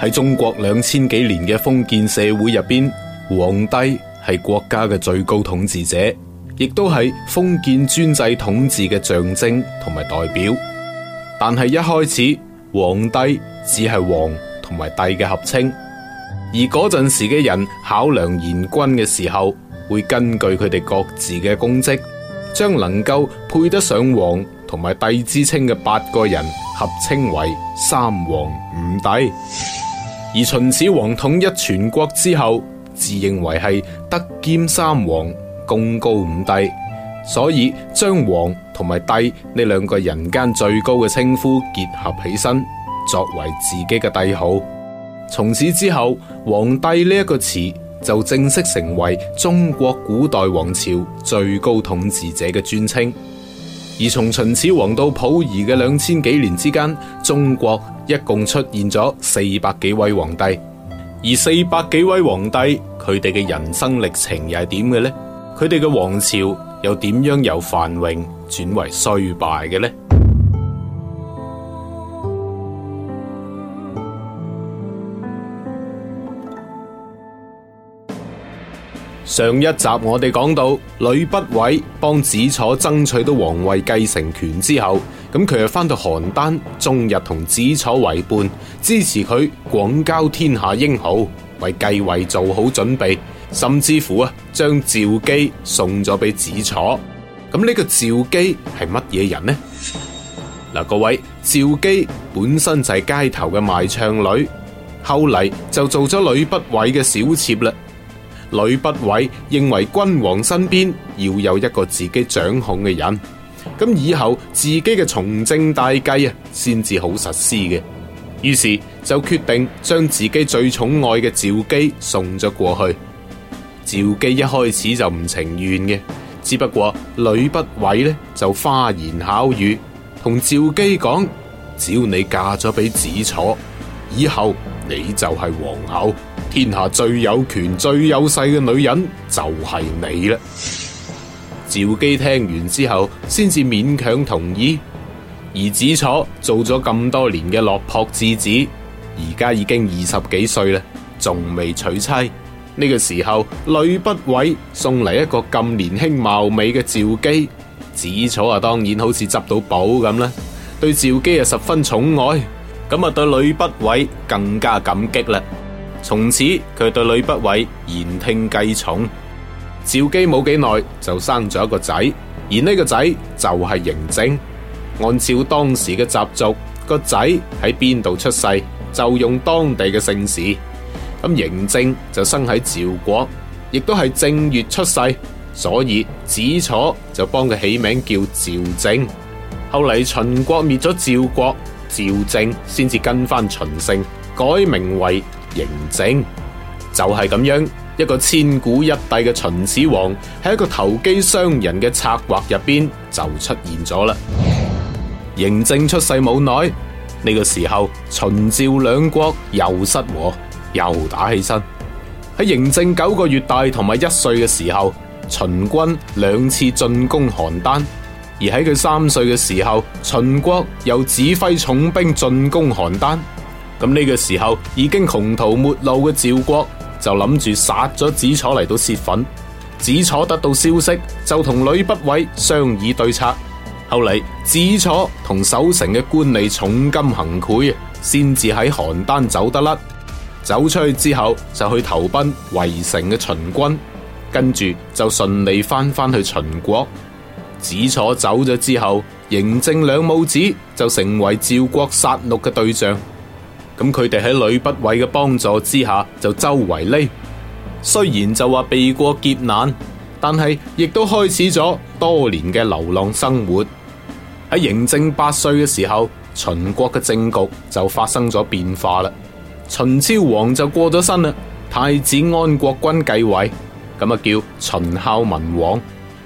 喺中國兩千幾年嘅封建社會入邊，皇帝係國家嘅最高統治者，亦都係封建專制統治嘅象徵同埋代表。但係一開始，皇帝只係皇同埋帝嘅合稱，而嗰陣時嘅人考量賢君嘅時候，會根據佢哋各自嘅功績，將能夠配得上皇同埋帝之稱嘅八個人合稱為三皇五帝。而秦始皇統一全國之後，自認為係德兼三皇，功高五帝，所以將皇同埋帝呢兩個人間最高嘅稱呼結合起身，作為自己嘅帝號。從此之後，皇帝呢一個詞就正式成為中國古代王朝最高統治者嘅尊稱。而從秦始皇到溥儀嘅兩千幾年之間，中國一共出現咗四百幾位皇帝。而四百幾位皇帝，佢哋嘅人生歷程又係點嘅咧？佢哋嘅王朝又點樣由繁榮轉為衰敗嘅咧？上一集我哋講到，呂不韋幫子楚爭取到皇位繼承權之後，咁佢又翻到邯鄲，終日同子楚為伴，支持佢廣交天下英豪，為繼位做好準備，甚至乎啊，將趙姬送咗俾子楚。咁呢個趙姬係乜嘢人呢？嗱，各位，趙姬本身就係街頭嘅賣唱女，後嚟就做咗呂不韋嘅小妾啦。呂不韋認為君王身邊要有一個自己掌控嘅人，咁以後自己嘅從政大計啊，先至好實施嘅。於是就決定將自己最寵愛嘅趙姬送咗過去。趙姬一開始就唔情願嘅，只不過呂不韋呢就花言巧語同趙姬講，只要你嫁咗俾子楚，以後你就係皇后。天下最有權最有勢嘅女人就係你啦！趙姬聽完之後，先至勉強同意。而子楚做咗咁多年嘅落魄之子，而家已經二十幾歲啦，仲未娶妻。呢個時候，呂不韋送嚟一個咁年輕貌美嘅趙姬，子楚啊，當然好似執到寶咁啦，對趙姬啊十分寵愛，咁啊對呂不韋更加感激啦。從此佢對呂不韋言聽計從。趙姬冇幾耐就生咗一個仔，而呢個仔就係嬴政。按照當時嘅習俗，個仔喺邊度出世就用當地嘅姓氏。咁嬴政就生喺趙國，亦都係正月出世，所以子楚就幫佢起名叫趙政。後嚟秦國滅咗趙國，趙政先至跟翻秦姓，改名為。嬴政就係、是、咁樣一個千古一帝嘅秦始皇，喺一個投機商人嘅策劃入邊就出現咗啦。嬴政出世冇耐，呢、這個時候秦趙兩國又失和，又打起身。喺嬴政九個月大同埋一歲嘅時候，秦軍兩次進攻邯鄲；而喺佢三歲嘅時候，秦國又指揮重兵進攻邯鄲。咁呢個時候已經窮途末路嘅趙國就諗住殺咗子楚嚟到洩憤。子楚得到消息就同呂不韋商議對策。後嚟子楚同守城嘅官吏，重金行賄，先至喺邯鄲走得甩。走出去之後就去投奔圍城嘅秦軍，跟住就順利翻返去秦國。子楚走咗之後，嬴政兩母子就成為趙國殺戮嘅對象。咁佢哋喺呂不韋嘅幫助之下，就周圍匿，雖然就話避過劫難，但係亦都開始咗多年嘅流浪生活。喺嬴政八歲嘅時候，秦國嘅政局就發生咗變化啦。秦昭王就過咗身啦，太子安國君繼位，咁啊叫秦孝文王，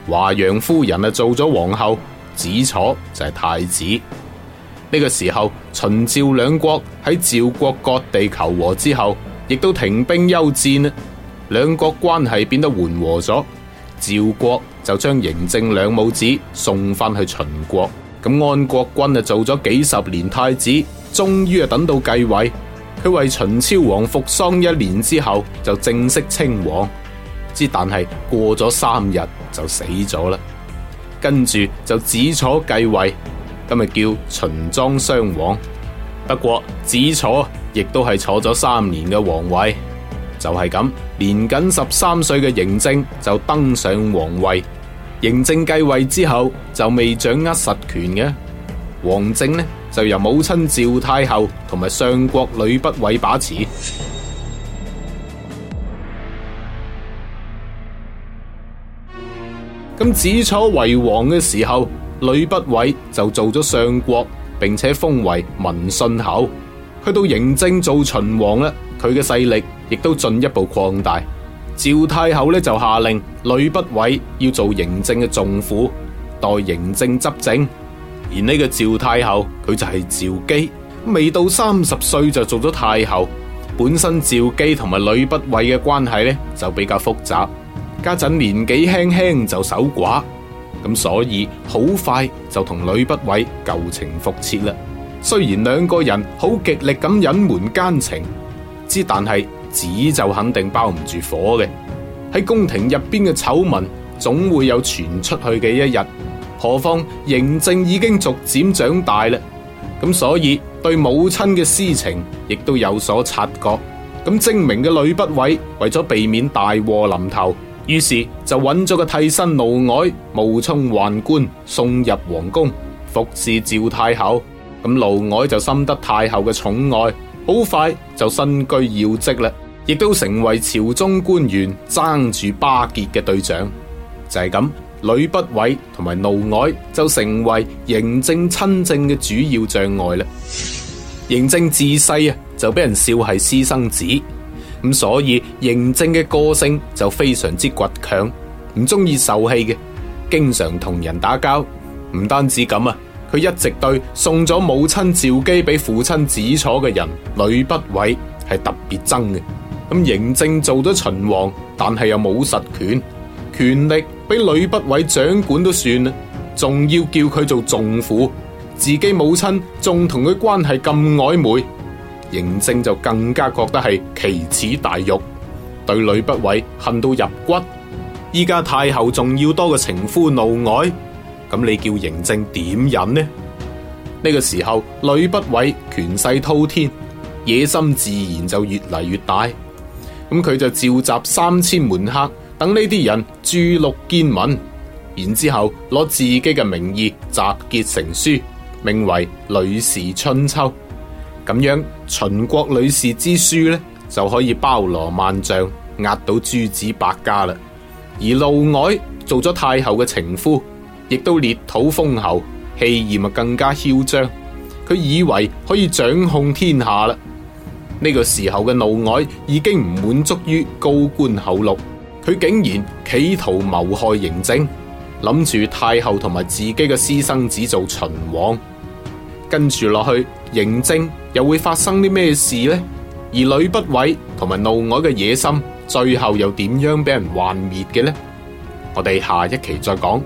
華陽夫人啊做咗皇后，子楚就係太子。呢個時候，秦趙兩國喺趙國各地求和之後亦都停兵休戰啦。兩國關係變得緩和咗，趙國就將嬴政兩母子送翻去秦國。咁安國君啊做咗幾十年太子，終於啊等到繼位，佢為秦昭王服喪一年之後，就正式稱王。之但係過咗三日就死咗啦，跟住就子楚繼位。今日叫秦莊襄王，不過子楚亦都係坐咗三年嘅皇位，就係、是、咁年僅十三歲嘅嬴政就登上皇位。嬴政繼位之後就未掌握實權嘅，王政呢就由母親趙太后同埋相國呂不韋把持。咁子楚為王嘅時候。呂不韋就做咗相國，並且封為文信侯。去到嬴政做秦王啦，佢嘅勢力亦都進一步擴大。趙太后咧就下令呂不韋要做嬴政嘅仲父，代嬴政執政。而呢個趙太后佢就係趙姬，未到三十歲就做咗太后。本身趙姬同埋呂不韋嘅關係咧就比較複雜。家陣年紀輕輕就守寡。咁所以好快就同呂不韋舊情復熾啦。雖然兩個人好極力咁隱瞞姦情，之但係紙就肯定包唔住火嘅。喺宮廷入邊嘅醜聞總會有傳出去嘅一日。何況嬴政已經逐漸長大啦，咁所以對母親嘅私情亦都有所察覺。咁精明嘅呂不韋為咗避免大禍臨頭。於是就揾咗個替身嫪毐冒充宦官送入皇宮服侍趙太后。咁嫪毐就深得太后嘅寵愛，好快就身居要職啦，亦都成為朝中官員爭住巴結嘅對象。就係、是、咁，呂不韋同埋嫪毐就成為嬴政親政嘅主要障礙啦。嬴政自細啊，就俾人笑係私生子。咁所以嬴政嘅個性就非常之倔強，唔中意受氣嘅，經常同人打交。唔單止咁啊，佢一直對送咗母親趙姬俾父親子楚嘅人呂不韋係特別憎嘅。咁嬴政做咗秦王，但係又冇實權，權力俾呂不韋掌管都算啦，仲要叫佢做仲父，自己母親仲同佢關係咁曖昧。嬴政就更加覺得係奇恥大辱，對呂不韋恨到入骨。依家太后仲要多個情夫嫪毐，咁你叫嬴政點忍呢？呢、這個時候，呂不韋權勢滔天，野心自然就越嚟越大。咁佢就召集三千門客，等呢啲人著錄見聞，然之後攞自己嘅名義集結成書，名為《呂氏春秋》。咁樣，秦國女士之書呢，就可以包羅萬象，壓到諸子百家啦。而嫪毐做咗太后嘅情夫，亦都列土封侯，氣焰更加囂張，佢以為可以掌控天下啦。呢、這個時候嘅嫪毐已經唔滿足於高官厚祿，佢竟然企圖謀害嬴政，諗住太后同埋自己嘅私生子做秦王，跟住落去嬴政，又會發生啲咩事呢？而呂不韋同埋嫪毐嘅野心，最後又點樣俾人幻滅嘅呢？我哋下一期再講。